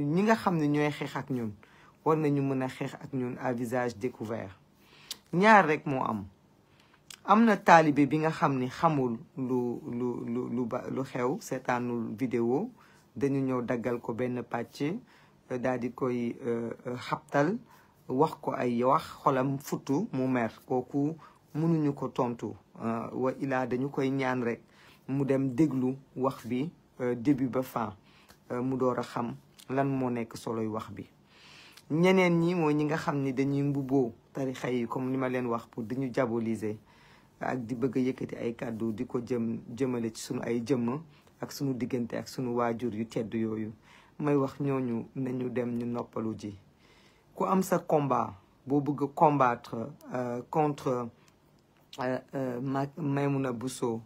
ñi nga xam ne ñooy xeex ak ñun war nañu mën a xeex ak ñun à visage découvert ñaar rek moo am am na taalibe bi nga xam ni xamul lu lu lu xew seetaanul vidéo dañu ñëw daggal ko benn pàcc euh, daal di koy euh, euh, xaptal wax ko ay wax xolam futtu mu mer kooku mënuñu ko tontu wa ilaa dañu koy ñaan rek mu dem déglu wax bi début ba fin mu door a xam lan moo nekk soloy wax bi ñeneen ñi mooy ñi nga xam ni dañuy mbubboo tarixa yi comme ni ma leen wax pour di ñu diaboliser ak di bëgg a yëkkati ay kàddu di ko jëm jëmale ci sunu ay jëmm ak sunu diggante ak sunu waajur yu tedd yooyu may wax ñooñu nañu dem ñu noppalu ji ku am sa combat boo bëgg combattre euh, contre euh, euh, a busoo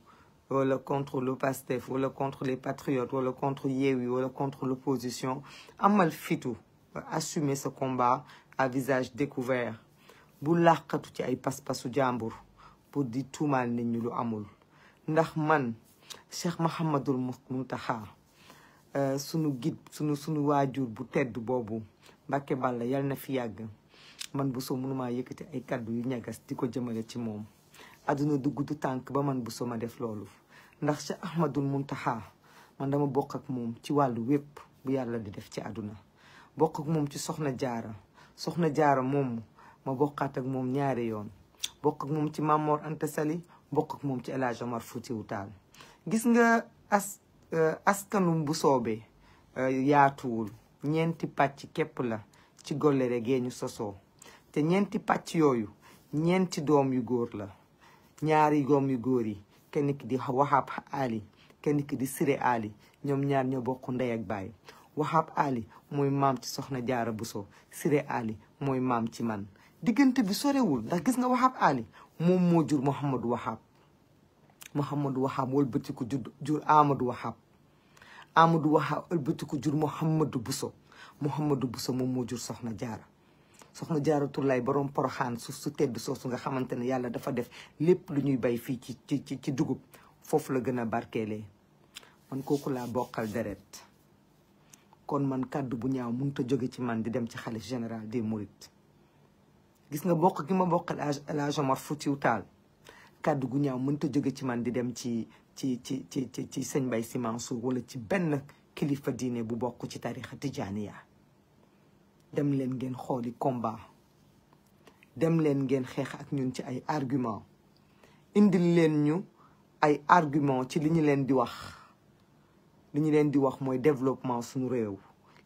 le contre le PASTEF le contre les patriotes le contre ou le contre l'opposition amal fitou, assumer ce combat à visage découvert bu làqatu ci ay pas-pasu jàmbur pour di tout mal ñi lu amul ndax man Cheikh Mahamadul Muntaha euh, sunu guide sunu sunu waajur bu tedd boobu bobo. Bàlla yal na fi man bu soo ma yëkkati ay kàddu yu ñagas di ko jëmale ci moom àdduna du tank, ba man bu soo def ndax Cheikh Ahmadul Muntaxa man dama bokk ak moom ci wàllu wépp bu yàlla di def ci àdduna bokk ak moom ci soxna jaara soxna jaara moom ma bokkaat ak moom ñaari yoon bokk ak ci Mamor Anta Sali bokk moom ci El Hadj Omar gis nga as euh, askanum bu soobee euh, yaatuwul ñeenti pàcc képp la ci gollere gee ñu sosoo te ñeenti pàcc yooyu ñeenti doom yu góor la ñaari doom yu góor yi kenn ki di Wahab Ali kenn ki di sire Ali ñoom ñaar ñoo bokk ndey ak baay Wahab Ali mooy maam ci soxna Jaara Buso Siré Ali mooy maam ci man diggante bi sorewul ndax gis nga Wahab Ali moom moo jur Mouhamadou Wahab Mouhamadou Wahab wëlbatiku jur jur Amadou Wahab Amadou Wahab wëlbatiku jur Mouhamadou Buso Mouhamadou Buso moom moo jur soxna Jaara soxna Jaara Tullaay borom poroxaan su su tedd soosu nga xamante ne yàlla dafa def lépp lu ñuy bay fii ci ci ci dugub foofu la gën a barkeelee man kooku laa bokkal deret kon man kàddu bu ñaaw mënut a jóge ci man di dem ci xalif général des Mourides gis nga bokk ma bokkal El Hadj Omar Foutiyou Tall kàddu gu ñaaw mënut a jóge ci man di dem ci ci ci ci ci sëñ Baye Sy Mansour wala ci benn kilifa diine bu bokk ci tarixa tijaaniya dem leen ngeen xooli combat dem leen ngeen xeex ak ñun ci ay argument indil leen ñu ay argument ci li ñu leen di wax li ñu leen di wax mooy développement suñu réew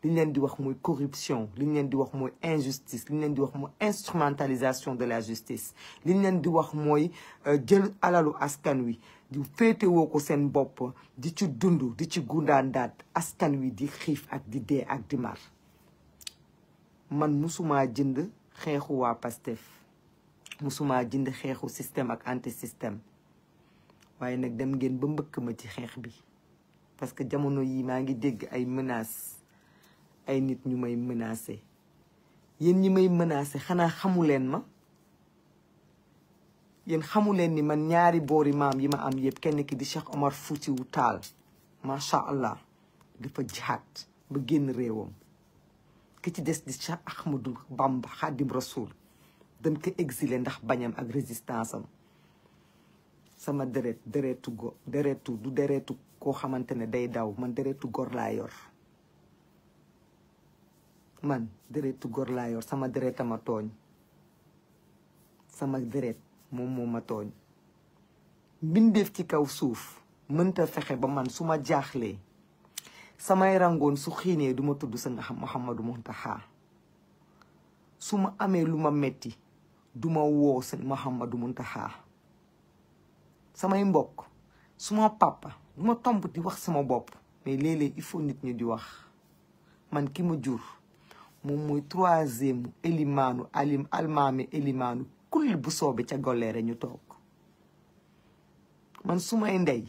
li ñu leen di wax mooy corruption li ñu leen di wax mooy injustice li ñu leen di wax mooy instrumentalisation de la justice li ñu leen di wax mooy euh, jël alalu askan wi di féetewoo ko seen bopp di ci dund di ci gundaandaat askan wi di xiif ak di dee ak di mar man musumaa jënd xeexu waa Pastef musumaa jënd xeexu système ak anti système waaye nag dem ngeen ba mbëkk ma ci xeex bi parce que jamono yi maa ngi dégg ay menaces ay nit ñu may menacé yéen ñi may menacé xanaa xamu leen ma yéen xamu leen ni man ñaari boori maam yi ma am yëpp kenn ki di Cheikh Omar Foutiyou Tall macha allah dafa jihaat ba génn réewam. ki ci des di Cheikh Ahmadou Bamba Xaadim Rasoul dam ko exilé ndax bañam ak résistance sama deret deretu go deretu du deretu koo xamante ne day daw man deretu gor laa yor man deretu góor laa sama dereta ma tooñ sama deret moom moo ma tooñ def ci kaw suuf mënta fexe ba man su ma jaaxlee samay rangoon su xiinee duma tudd sa Mouhamadou Mountakha su ma amee lu ma metti duma woo sa Mouhamadou Mountakha samay mbokk suma papa duma tomp di wax sama bopp mais léeg-léeg il faut nit ñi di wax man ki ma jur moom mooy troisième élimaanu alim almaami élimaanu kulli bu soobe ca golleere ñu toog man sumay ndey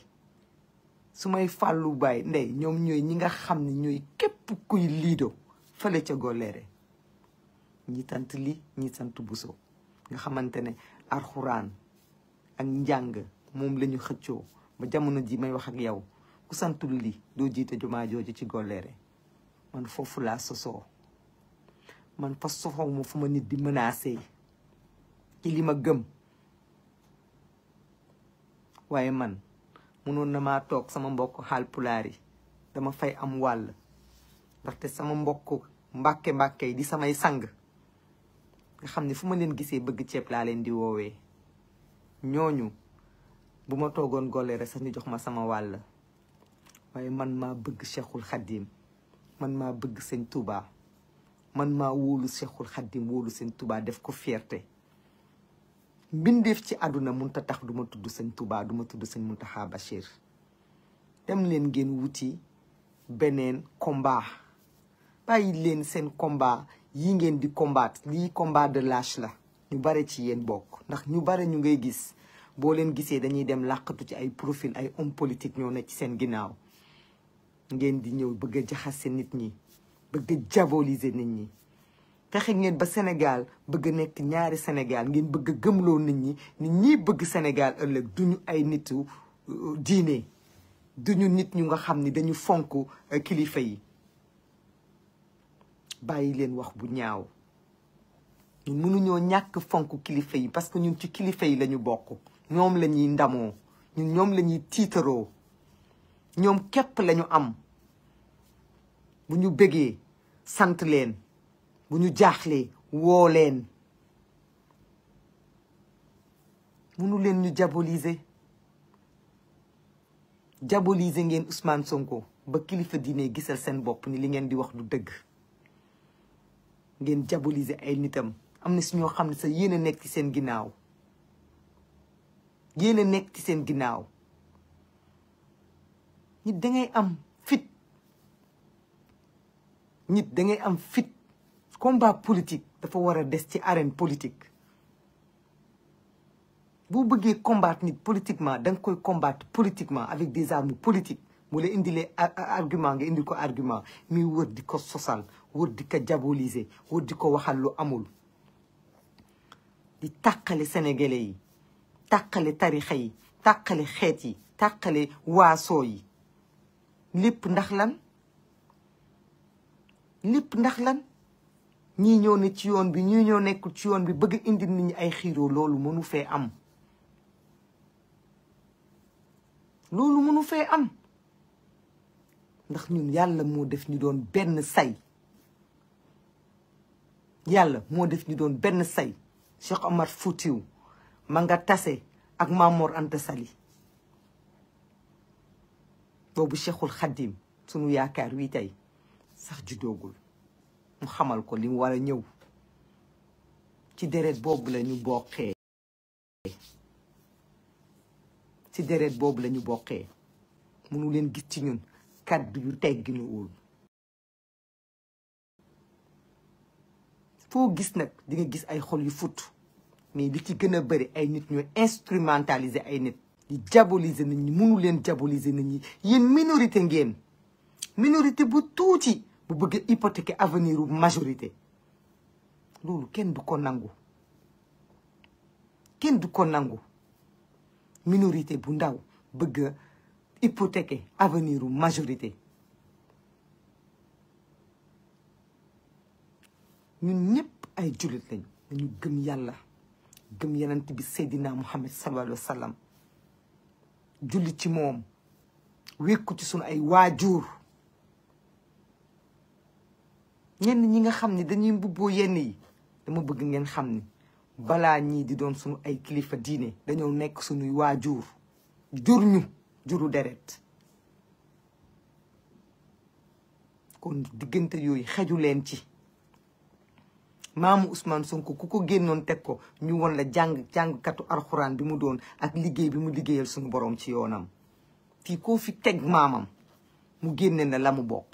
su may fàllu baay ndey ñoom ñooy ñi nga xam ne ñooy képp kuy liido fële ca golleere ñi tant li ñi tant buso nga xamante ne arxuraan ak njàng moom lañu xëccoo ba jamono ji may wax ak yow ku santul li doo jiite jumaa jooju ci golleere man foofu laa sosoo man fa soxow ma fu ma nit di menacé ci li ma gëm waaye man mënoon na maa toog sama mbokk Haalpulaar yi dama fay am wàll ndaxte sama mbokk mbàkke mbàkke yi di samay sang nga xam ne fu ma leen gisee bëgg ceeb laa leen di woowee ñooñu bu ma toogoon golle rek sax ñu jox ma sama wàll waaye man maa bëgg Cheikhul Khadim man maa bëgg seen tubaa man maa wóolu Cheikhul Khadim wóolu seen tubaa def ko fierté mbindeef ci àdduna munta tax duma tudd sëñ Touba duma ma tudd sëñ Mountakha Bachir dem leen ngeen wuti beneen combat bàyyi leen seen combat yi ngeen di combattre lii combat de lâche la ñu bare ci yéen bokk ndax ñu bare ñu ngay gis boo leen gisee dañuy dem làqatu ci ay profil ay homme politique ñoo ne ci seen ginnaaw ngeen di ñëw bëgg a jaxase nit ñi bëgg a nit ñi fexe ngeen ba Sénégal bëgg nekk ñaari Sénégal ngeen bëgg a gëmloo nit ñi nit ñi bëgg Sénégal ëllëg duñu ay nitu euh, diine duñu nit ñu nga xam ni dañu fonk euh, kilifa yi bàyyi leen wax bu ñaaw ñun mënuñoo ñàkk fonk kilifa yi parce que ñun ci kilifa yi lañu bokk ñoom lañuy ñuy ndamoo ñun ñoom lañuy tiitaroo ñoom képp lañu am bu ñu bëggee sant leen bu ñu jaaxlee woo leen munu leen ñu diaboliser diaboliser ngeen Ousmane Sonko ba kilifa diine gisal seen bopp ni li ngeen di wax du dëgg ngeen diaboliser ay nitam am na si ñoo xam ne sa yéen a nekk ci seen ginnaaw yéen a nekk ci seen ginnaaw nit da am fit nit da am fit combat politique dafa war a des ci arène politique boo bëggee combattre nit politiquement da koy combattre politiquement avec des armes mu la indilee argument nga indi ko argument mi wër di ko sosal wër di ko diaboliser wër di ko waxal lu amul di tàqale sénégalais yi tàqale tarixa yi tàqale xeet yi tàqale waasoo yi lépp ndax lan lépp ndax lan ñii ñoo ne ci yoon bi ñii ñoo nekkul ci yoon bi bëgg indi nit ay xiiroo loolu mënu fee am loolu mënu fee am ndax ñun yàlla moo def ñu doon benn say yàlla moo def ñu doon benn say Cheikh Omar ma nga tase ak Mamor Anta Sali boobu Cheikhul Khadim sunu yaakaar wi tey sax juddoogul mu xamal ko li mu war a ñëw ci deret boobu la ñu bokkee ci deret boobu la ñu bokkee leen gis ci ñun kaddu yu tegginuwul foo gis nag di nga gis ay xol yu fut mais li ci gën a bëri ay nit ñooy instrumentaliser ay nit di diaboliser nit ñi mënu leen diaboliser nit ñi yéen minorité ngeen minorité bu tuuti bu bëgg hypothéquer avenir u majorité loolu kenn du ko nangu kenn du ko nangu minorité bu ndaw bëgg hypothéquer avenir u majorité ñun ñëpp ay jullit lañ gëm yàlla gëm yenent bi seydina muhammad sallallahu alayhi wa sallam julli ci moom wékku ci sunu ay waajuur ñenn ñi nga xam ne dañuy mbubboo yenn yi dama bëgg ngeen xam ni balaa ñii di doon suñu ay kilifa diine dañoo nekk suñuy waajur jur ñu juru deret kon diggante yooyu xeju leen ci maamu Ousmane Sonko ku ko génnoon teg ko ñu won la jàng jàngkatu arxuraan bi mu doon ak liggéey bi mu liggéeyal suñu boroom ci yoonam fii ko fi teg maamam mu génne na lamu mu bokk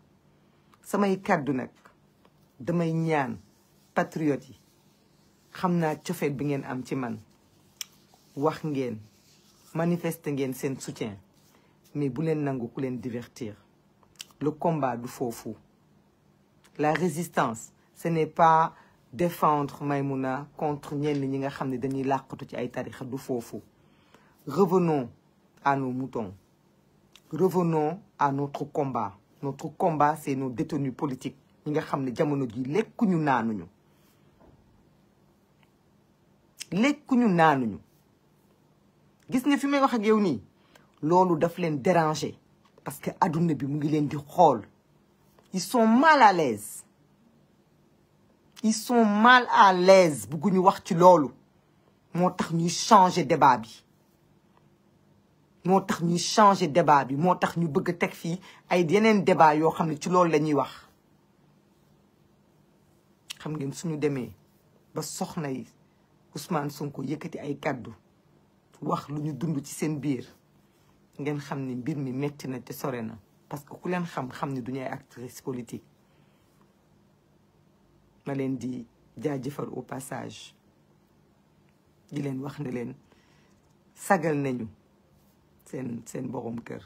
samay kàddu nak damay ñaan patriote yi xamna naa bi ngeen am ci man wax ngeen manifester ngeen sen soutien mais bu leen nangou ku leen divertir le combat du Fofu, la résistance ce n'est pas défendre maimouna contre ñenn ñi nga xamni dañuy laqatu ci ay tarixa du fofu revenons à nos moutons revenons à notre combat notre combat c'est nos détenus politiques ñi nga xam ne jamono ji lekkuñu naanuñu lekkuñu naanuñu gis nga fi may wax ak yow nii loolu daf leen déranger parce que adoune bi mu ngi leen di xool ils sont mal à l'aise ils sont mal à l'aise bugguñu wax ci loolu moo tax ñuy changer débat bi moo tax ñuy changer débat bi moo tax ñu bëgg a teg fii ay yeneen débat yoo xam ne ci loolu la ñuy wax xam ngeen suñu demee ba soxna yi Ousmane Sonko yëkkati ay kàddu wax lu ñu dund ci seen biir ngeen xam ni mbir mi metti na te sore na parce que ku leen xam-xam ni du ñuy actrice politique ma leen di jaajëfal au passage di leen wax ne leen sagal nañu seen seen borom kër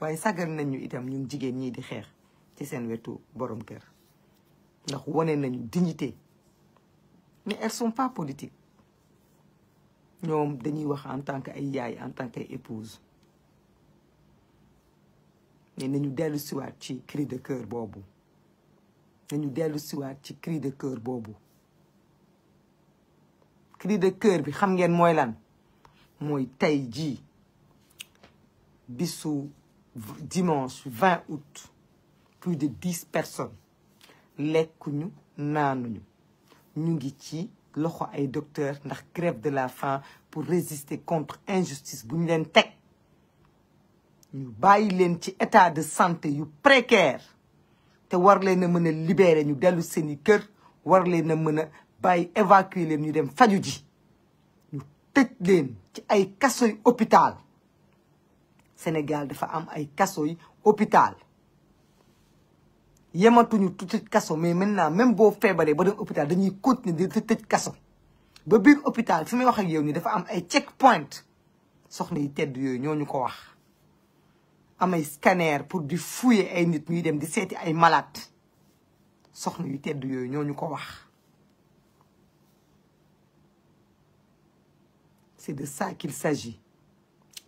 waaye sagal nañ ñu itam ñun jigéen ñii di xeex ci seen wetu boroom kër ndax wane nañu dignité mais elles sont pas politiques ñoom dañuy wax en tant que ay yaay en tant que ay épouse mais nañu dellu siwaat ci cri de cœur boobu nañu dellu siwaat ci cri de cœur boobu cri de cœur bi xam ngeen mooy lan mooy tey jii Bissou, dimanche 20 août plus de 10 personnes Nous, naanuñu ñu ngi ci loxo ay docteur ndax grève de la faim pour résister contre injustice Nous nous leen état de santé précaire te war leen libérer ñu dellu seeni kër war évacuer les ñu dem faju ji ñu tëj leen ci ay Sénégal dafa am ay kasso yi hôpital yematuñu tëj kaso mais maintenant même boo feebaree ba dem hôpital dañuy continuer di tëj kasso ba biir hôpital fi may wax ak yow ni dafa am ay checkpoint soxna yi tedd yoy ñooñu ko wax am ay scanner pour di fouiller ay nit ñuy dem di séti ay malade soxna yu tedd yoy ñooñu ko wax c'est de ça qu'il s'agit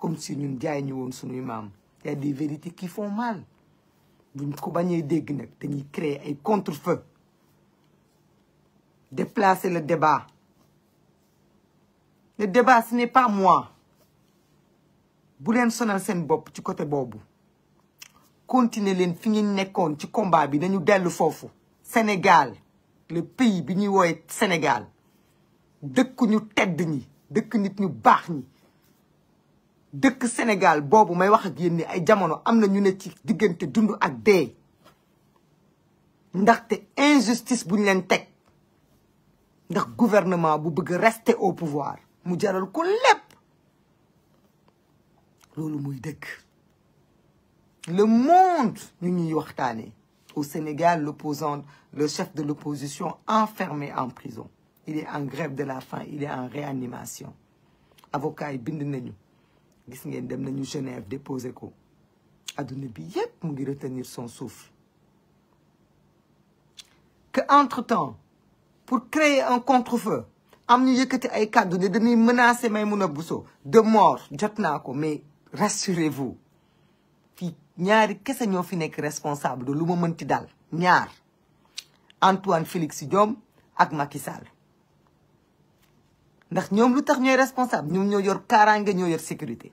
comme si ñun jaay ñu woon suñuy Il y a des vérités qui font mal buñ ko bañee dégg nag dañuy créer ay contre-feu déplacer le débat le débat ce n'est pas moi bu leen sonal seen bopp ci côté boobu continuer leen fi ngeen nekkoon ci combat bi dañu dellu foofu Sénégal le pays bi ñuy woowe Sénégal dëkk ñu tedd ñi dëkk nit ñu baax ñi deuk Sénégal bobu may wax ak qu'il ni ay jamono amna ñu ne ci diggante dundu ak dee ndaxte injustice bu leen teg ndax gouvernement bu bëgg rester au pouvoir mu jaral ko lepp lolu muy dëkk le monde ñu ñuy waxtaanee au Sénégal l'opposant le chef de l'opposition enfermé en prison il est en grève de la faim il est en réanimation avocat yi bind nañu gis ngeen dem nañu Genève déposé ko adduna bi yépp mu ngi retenir son souffle que entre-temps pour créer un contre-feu am ñu yëkkati ay kàddu ne dañuy menacer Maïmouna Bousso de mort jot naa ko mais rassurez-vous fii ñaari kese ñoo fi nekk responsable de lu ma mënti daal ñaar Antoine Félix Diome ak Macky Sall ndax ñoom lu tax responsable ñoom ñoo yor kaaraange ñoo yor sécurité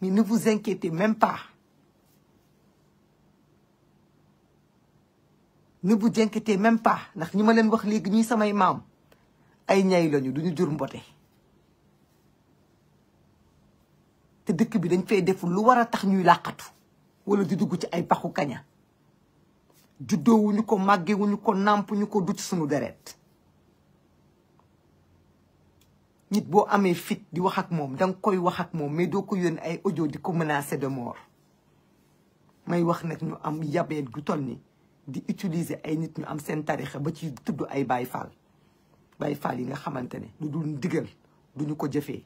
Mais ne vous inquiétez même pas. ne vous inquiétez même pas ndax ñi ma leen wax léegi ñuy samay maam ay ñay lañu duñu jur mbote te dëkk bi dañ fay def lu war a tax ñuy làqatu wala di dugg ci ay paxu kaña juddoowuñu ko màggewuñu ko nàmpuñu ko du ci sunu deret nit boo amee fit di wax ak moom danga koy wax ak moom mais doo ko yónni ay ojo di ko mën a de mort may wax nag ñu am yabeet gu toll ni di utiliser ay nit ñu am seen tarixa ba ci tudd ay Baay Faal Baay Faal yi nga xamante ne lu dul diggal ndigal ñu ko jëfee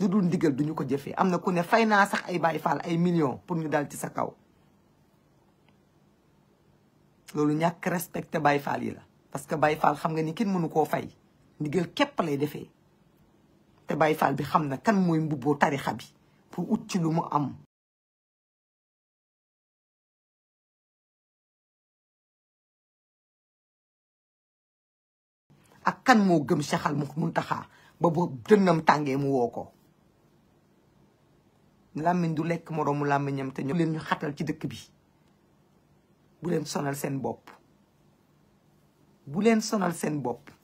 lu dul ndigal duñu ko jëfee am na ku ne fay naa sax ay Baay Faal ay millions pour ñu dal ci sa kaw loolu ñàkk respecté Baay Faal yi la parce que Baay Faal xam nga ni kenn mënu koo fay ndigal képp lay defee te Baye Fall bi xam na kan mooy mbubboo tarixa bi pour ut ci lu mu am ak kan moo gëm saxal mu taxa ba bo dënnam tàngee mu woo ko làmmiñ du lekk moroomu làmmiñam te ñu leen ñu xatal ci dëkk bi bu leen sonal seen bopp bu leen sonal seen bopp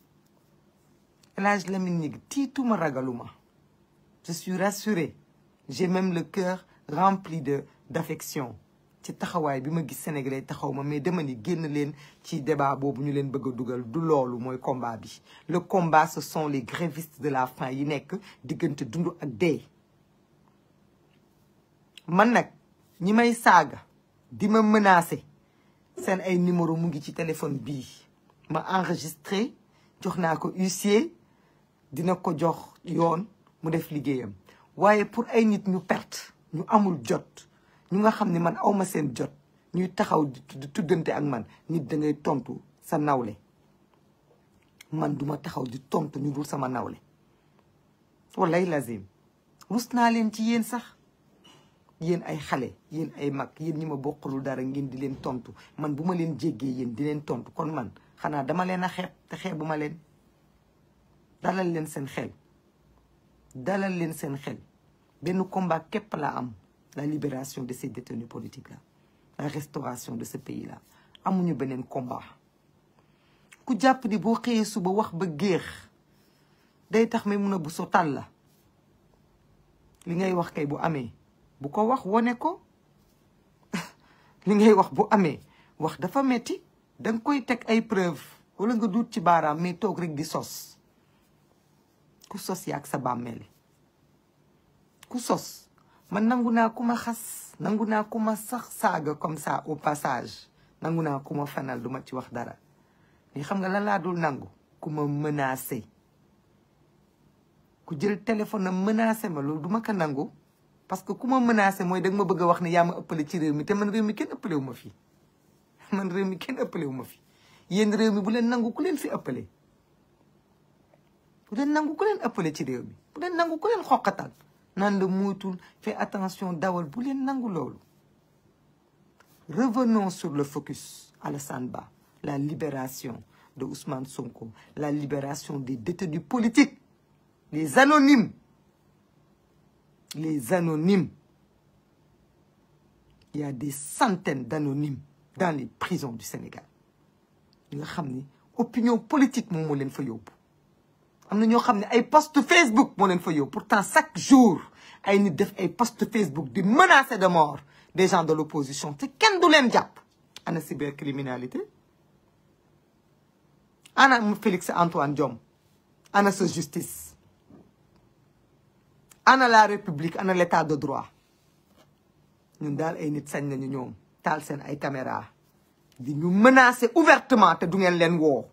El Hadj Lamine Gnigue tiituma ragaluma je suis rassurée j'ai même le cœur rempli de d'affection ci taxawaay bi ma gis sénégalais taxaw ma mais dama ni génn leen ci débat bobu, ñu l'en bëgg a du combat bi le combat ce sont les grévistes de la faim yi que diggante dundu ak dee man nag ñi may saaga di ma menacer seen ay numéro mu ngi ci téléphone bi. ma enregistré jox ko huissier dina ko jox yoon mu def liggéeyam waaye pour ay nit ñu perte ñu amul jot ñu nga xam ni man awma seen jot ñuy taxaw di tuddante ak man nit dangay tontu sa nawle man duma taxaw di tontu ñu dul sama nawle wallaay lazim rus naa leen ci yéen sax yeen ay xale yéen ay mag yéen ñi ma bokkalul dara ngeen di leen tontu man bu ma leen jéggee yéen di leen tontu kon man xanaa dama leen a xeeb te leen dalal leen seen xel dalal leen seen xel benn combat kepp la am la libération de ces détenus politiques là la restauration de ce pays là amuñu beneen combat ku jàpp ni boo xëyee suba wax ba géex day tax may mun a bu so la li ngay wax kay bu amee bu ko wax wone ko li ngay wax bu amee wax dafa metti danga koy teg ay preuve wala nga duut ci baaraam mais toog rek di sos ku sos yaag sa bàmmeel ku sos man nangu naa ku ma xas nangu naa ku ma sax saaga comme ça au passage nangu naa ku ma fanal duma ci wax dara ni xam nga lan laa dul nangu ku ma menacé ku jël téléphone am menacé ma loolu duma ko nangu parce que ku ma menacé mooy danga ma bëgg a wax ne yaa ma ëppale ci réew mi te man réew mi kenn ëppalewu ma fi man réew mi kenn ëppalewu ma fi yéen réew mi bu leen nangu ku leen fi ëppale Vous n'avez pas ku leen ëppale ci réew mi bu leen nangu ku leen attention dawal bu leen nangu revenons sur le focus à la Sanba. la libération de Ousmane Sonko la libération des détenus politiques les anonymes les anonymes il y a des centaines d'anonymes dans les prisons du Sénégal Il nga xam ni opinion politique moom moo amna na ñoo ay post Facebook mo len pourtant chaque jour ay nit def ay post Facebook di menacer de mort des gens de l'opposition te kenn du y japp ana cybercriminalité ana Félix Antoine Diom? ana sa justice ana la république ana l'état de droit ñun dal ay nit sañ nañu ñoom tal sen ay caméra di ñu menacer ouvertement te du ngeen len wo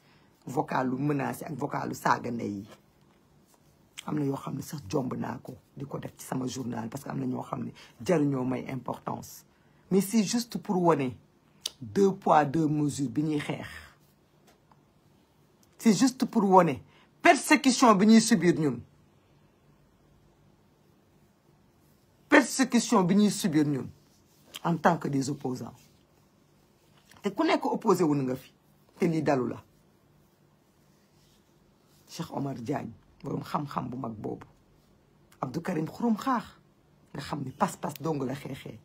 vocalu menace, ak vocalu saaga ndey yi ne sax jomb nako diko def ci sama journal parce que amna ño xamni xam ne may importance mais c'est juste pour wane deux poids deux mesures bi xex c'est juste pour la persécution bi subir ñun persécution bi subir ñun en tant que des opposants te ku nek opposé wu nga fi dalu la Cheikh Omar Diagne borom xam-xam bu mag boobu Abdou Karim xurum xaax nga xam ni pas-pas dong la xeexee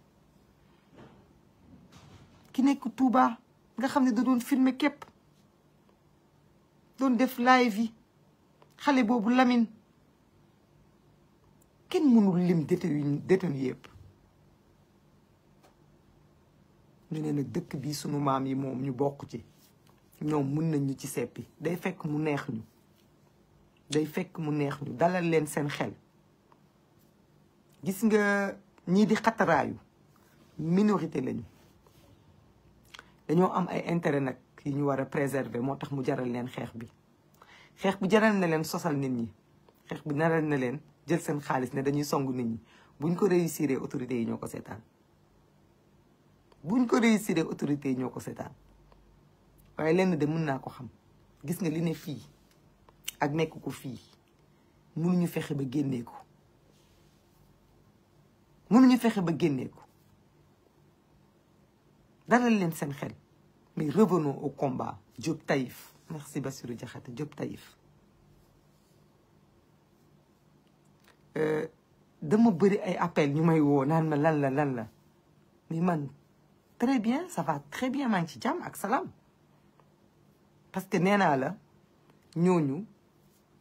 ki nekk Touba nga xam ne da doon filmer képp doon def live yi xale boobu lamin kenn mënul lim détenu détenu yëpp ñu ne nag dëkk bi sunu maam yi moom ñu bokk ci ñoom mun nañ ñu ci seppi day fekk mu neex ñu day fekk mu neex ñu dalal leen seen xel gis nga ñii di xataraayu minorité lañu dañoo am ay intérêt nag yi ñu war a préserver moo tax mu jaral leen xeex bi xeex bi jaral na leen sosal nit ñi xeex bi naral na leen jël seen xaalis ne dañuy song nit ñi buñ ko réussiree autorités yi ñoo ko seetaan buñ ko réussiree autorité yi ñoo ko seetaan waaye lenn de mun naa ko xam gis nga li ne fii ak nek ko fii mënuñu fexe ba génné ko mënuñu fexe ba génné ko dalal leen seen xel mais revenons au combat Diop Taïf merci Bassirou Diakhaté Diop Taïf euh dama bëri ay appel ñu may wo nan ma lan la lan la mais man très bien ça va très bien maa ci jam ak salam parce que nena la ñooñu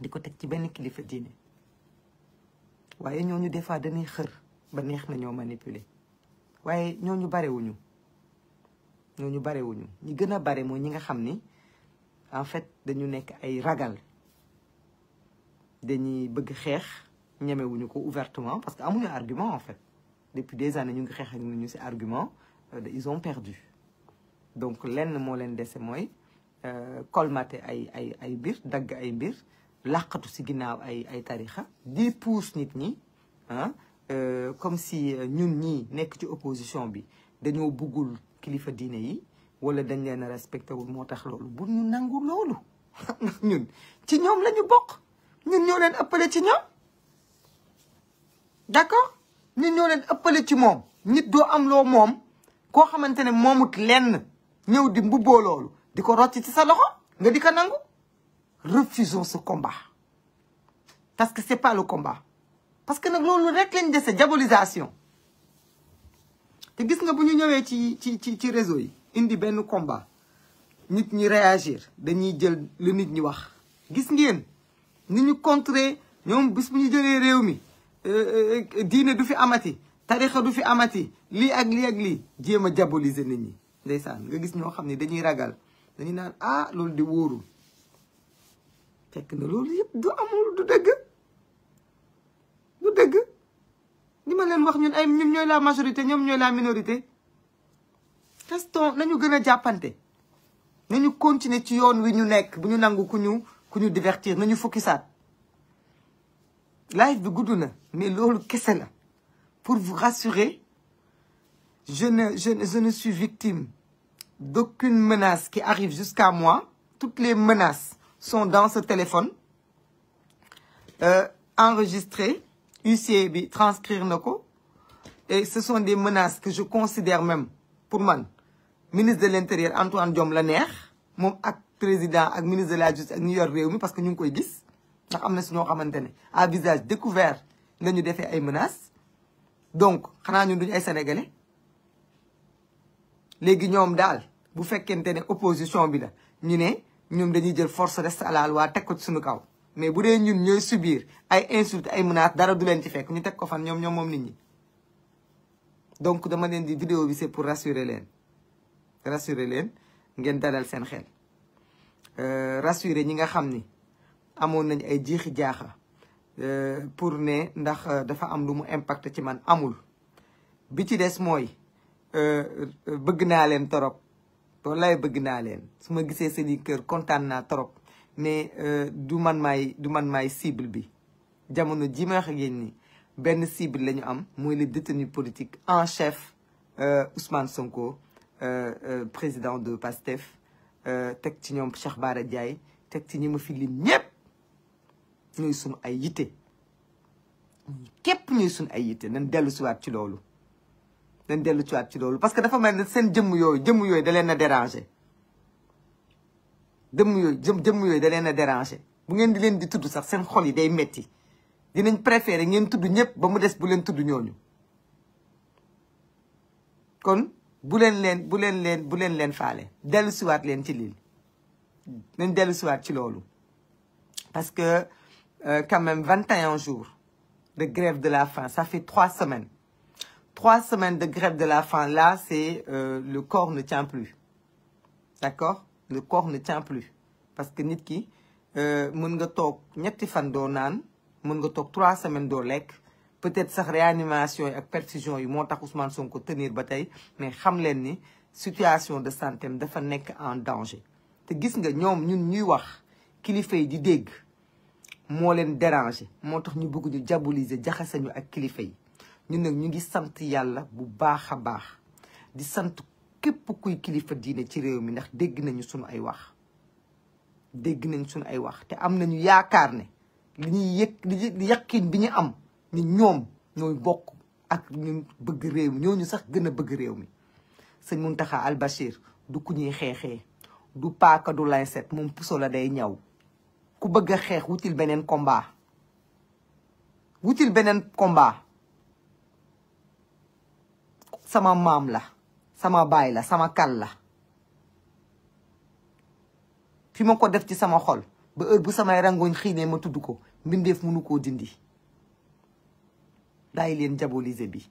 diko tek ci benn kilifa diine waaye ñooñu des fois dañuy xër ba neex na ñoo manipuler waaye ñooñu barewuñu ñooñu barewuñu ñi gën a bare mooy ñi nga xam ni en fait dañu nekk ay ragal dañuy bëgg xeex ñemewuñu ko ouvertement parce que amuñu argument en fait depuis des années ñu ngi xeex ak ñu ci argument euh, ils ont perdu donc lenn moo leen dese mooy euh, colmater ay ay ay mbir dagg ay mbir làqatu si ginnaaw ay ay tarixa di puus nit ñi ah euh, comme si euh, ñun ñi nekk ci opposition bi dañoo buggul kilifa diine yi wala dañ leen a respecté wul moo tax loolu bu ñu nangu loolu ndax ñun ci ñoom la ñu bokk ñun ñoo leen ëppale ci ñoom d'accord ñun ñoo leen ëppale ci moom nit doo am loo moom koo xamante ne moomut lenn ñëw di mbubboo loolu di ko rocc ci sa loxo nga di ko nangu refusons ce combat parce que ce n'est pas le combat parce que nous, nous rek de cette diabolisation te gis nga bu nous réseau combat nit ñi réagir dañuy jël nit nous ni ñu nous ñoom nous bu ñu euh, euh, nous Nous du fi amati Nous du fi amati nous fekk na loolu yëpp du amul du dëgg du dëgg ni ma leen wax ñun ay ñun ñooy la majorité ñoom ñooy la minorité restons nañu gën a jàppante nañu continuer ci yoon wi ñu nekk bu ñu nangu ku ñu ku ñu divertir nañu fokkisaat live bi gudd na mais loolu kese la pour vous rassurer je ne je ne je ne suis victime d'aucune menace qui arrive jusqu'à moi toutes les menaces sont dans ce téléphone euh, enregistré huissier et transcrire noko et ce sont des menaces que je considère même pour moi ministre de l'intérieur Antoine Diom la mon président ak ministre de la justice ak yor parce que nous koy gis ndax suñu à visage découvert nous défé ay menaces donc xana ñun nous ay sénégalais légui ñom dal bu fekkenté né opposition bi la ñu né ñoom dañuy jël force reste à la loi teg ko ci suñu kaw mais bu dee ñun ñooy subir ay insultes ay menaces dara du leen ci fekk ñu teg ko fan ñoom ñoom moom nit ñi donc dama leen di vidéo bi c'est pour rassurer leen rassurer leen ngeen dalal seen xel euh, rassurer ñi nga xam ni amoon nañ ay jiixi jaaxa euh, pour ne ndax euh, dafa am lu mu impact ci man amul bi ci des mooy bëgg naa leen torop wallaay bëgg naa leen su ma gisee seen i kër kontaan naa trop mais euh, du man maay du man cible bi jamono ji ma wax ni benn cible la ñu am muy le détenu politique en chef euh, Ousmane Sonko euh, président de PASTEF teg ci ñoom Cheikh Bara Ndiaye teg ci ñi ma fi lim ñëpp ñooy sunu ay yite képp ñooy sunu ay yitte nan dellu siwaat ci loolu dañ dellu cuwaat ci loolu parce que dafa mel sen seen yoy yooyu yoy yooyu da leen a déranger jëmm yooyu jëmm yooyu da leen déranger bu ngeen di len di tudd sax sen xol yi day metti dinañ préférer ngeen tudd ñëpp ba mu dess bu len tudd ñooñu kon bu len len bu len len bu len leen faale dellu siwaat len ci lii nañ dellu siwaat ci loolu parce que euh, quand même 21 jours de grève de la faim ça fait 3 semaines trois semaines de grève de la faim, là, c'est euh, le corps ne tient plus. D'accord Le corps ne tient plus. Parce que nit ki, euh, mën nga toog ñetti fan doo mën nga trois semaines doo lek, peut-être sax réanimation et perfusion yi monte tax Ousmane Sonko tenir ba tey mais xam ni situation de santé am dafa nekk en danger te gis nga ñom ñun ñuy wax kilifa yi di dégg mo leen déranger moo tax ñu bëgg ñu diaboliser jaxassañu ak kilifa yi. ñun nag ñu ngi sant yàlla bu baax a baax di sant képp kuy kilifa diine ci réew mi ndax dégg nañu sunu ay wax dégg nañ sunu ay wax te am nañu yaakaar ne li ñuy yëg li yàqin bi ñu am ñu ñoom ñooy bokk ak ñu bëgg réew mi ñooñu sax gën a bëgg réew mi sëñ Muntaxa Al Bachir du ku ñuy xeexee du paaka du lancet moom puso la day ñaw ku bëgg a xeex wutil beneen komba wutil beneen komba sama maam la sama baay la sama kal la fi ma ko def ci sama xol ba heure bu samay rangoñ xiinee ma tudd ko mbindeef mënu koo dindi daay leen diaboliser bi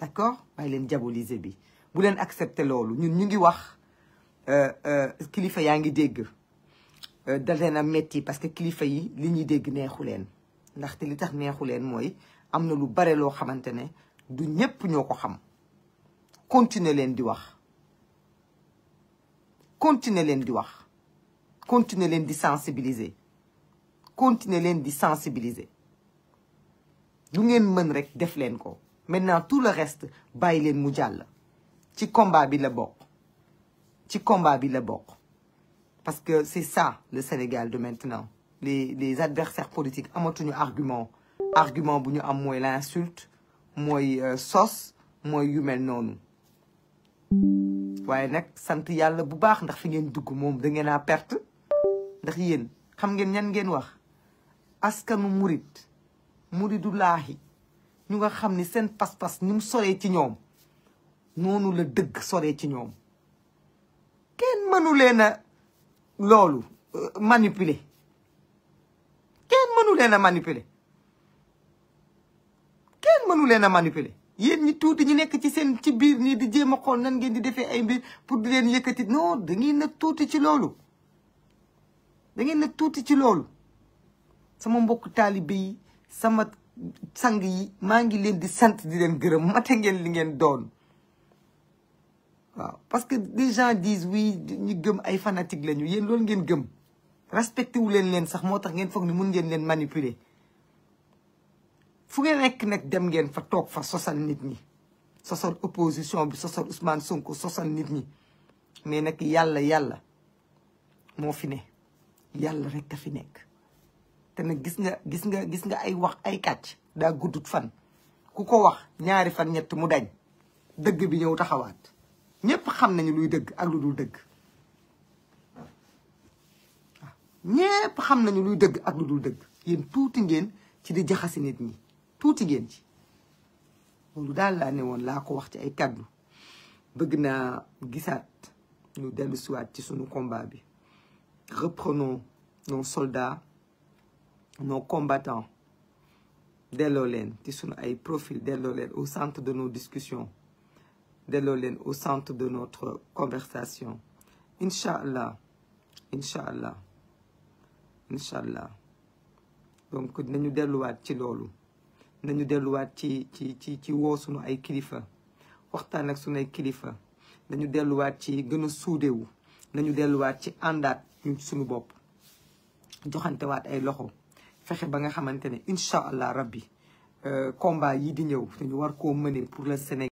d'accord bàyyi leen diaboliser bi bu leen accepter loolu ñun ñu ngi wax euh, euh, kilifa yaa ngi dégg euh, da leen a metti parce que kilifa yi li ñuy dégg neexu leen ndaxte li tax neexu leen mooy amna lu bare lo xamantene ne du ñepp ñoko xam continuer à di wax continuer à di wax continuer à di sensibiliser continuer à di sensibiliser lu ngeen meun rek def len ko maintenant tout le reste bàyyi len mu jàll ci combat bi la bok ci combat bi la bok parce que c'est ça le Sénégal de maintenant les les adversaires politiques amatuñu argument argument bu ñu am moy l'insulte moy euh, sos moy yu mel noonu waye nak sante yalla bu baax ndax fi ngeen dugg mom da a perte ndax yeen xam ngeen ñan ngeen wax murit ñu nga xam ni seen pas-pas ni mu ci ñoom noonu la dëgg ci euh, manipuler kenn manipuler kenn mënu leen a manipuler yéen ñi tuuti ñu nekk ci seen ci biir nii di jéem a xool nan geen di defe ay mbir pour di leen yëkkati non da ngeen na tuuti ci loolu da na tuuti ci loolu sama mbokk taalibe yi sama sang yi maa ngi leen di sant di leen gërëm mate ngeen li ngeen doon waaw parce que des gens disent oui ñu gëm ay fanatique lañu yéen loolu ngeen gëm respecté wu leen leen sax moo tax ngeen foog ni mun ngeen leen manipuler fu ngeen nek nag dem ngeen fa tok fa sosal nit ñi sosal opposition bi sosal Ousmane Sonko sosal nit ñi mais nag yalla yalla mo fi ne yalla rek a fi nek te nak gis nga gis nga gis nga ay wax ay katch da guddut fan ku ko wax ñaari fan ñett mu dañ deug bi ñew taxawaat ñepp xam nañu luy paham ak lu dul dëgg ñëpp xam nañu luy deug ak lu dul ngeen ci di jaxasi nit ñi tout ngeen ci loolu daal laa ne woon laa ko wax ci ay kàddu bëgg naa gisaat ñu dellu ci sunu combat bi reprenons nos soldats nos combattants Delolène, leen ci sunu ay profil Delolène au centre de nos discussions Delolène au centre de notre conversation Inshallah, inshallah, inshallah. Donc donc nañu devons ci loolu nañu delluwaat ci ci ci ci woo sunu ay kilifa waxtaan ak sunu ay kilifa nañu delluwaat ci gën a suudewu nañu delluwaat ci àndaat ñu sunu bopp joxantewaat ay loxo fexe ba nga xamante ne incha allah rabbi euh, combat yi di ñëw dañu war koo mëne pour le Sénégal